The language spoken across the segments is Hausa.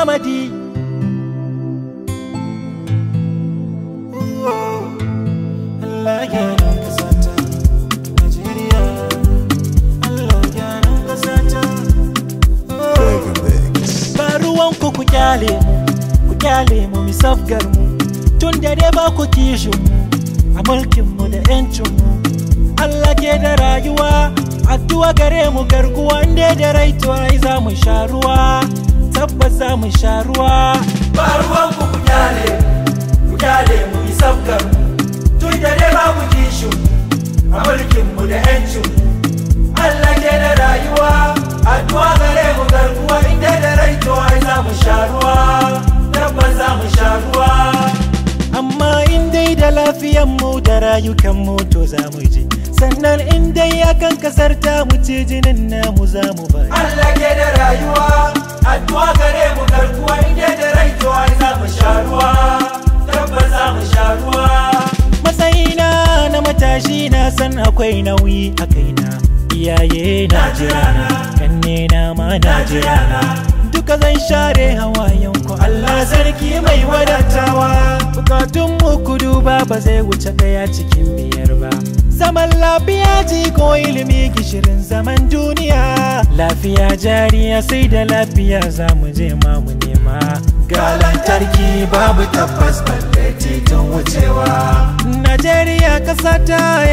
amadi Allah gyara kasata ku kyale mu ku kyale mu mi safgar mu tun da dai kishin mu a mulkin mu da yancin mu Allah ke da rayuwa addu'a gare mu garkuwa inda da raituwa za mu sha ruwa tabbas za mu sha ruwa ba ruwan ku ku kyale ku kyale mu yi sabgar tun da dai ba ku kishin a mulkin mu da yancin Allah ke da rayuwa addu'a gare mu garkuwa inda da rai to ai za mu sha ruwa tabbas za mu sha ruwa amma in dai da lafiyan mu da rayukan mu to za mu ji sannan in dai akan kasar ta mu ce jinin namu za mu bari Allah ke da rayuwa na san akwai nauyi a kaina iyaye na jira na. kanne na ma na jira na. duka zan share hawayen ku Allah sarki mai wadatawa bukatun mu ku duba ba zai wuce daya cikin biyar ba zaman lafiya ji ko ilimi gishirin zaman duniya lafiya jariya sai da lafiya za mu je ma mu nema Galantarki babu tabbas balle titin wucewa Najeriya ƙasa ta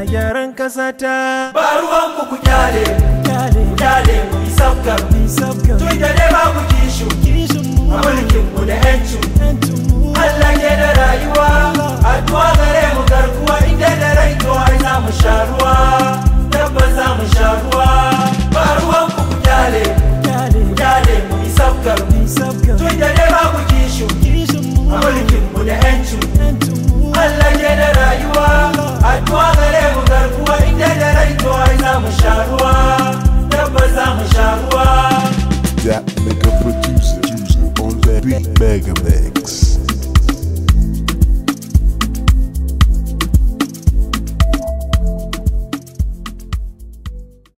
na gyaran kasa ta ba ruwan ku kyale kyale kyale ku isafkar isafkar that nigga producer on that beat Mega Mix.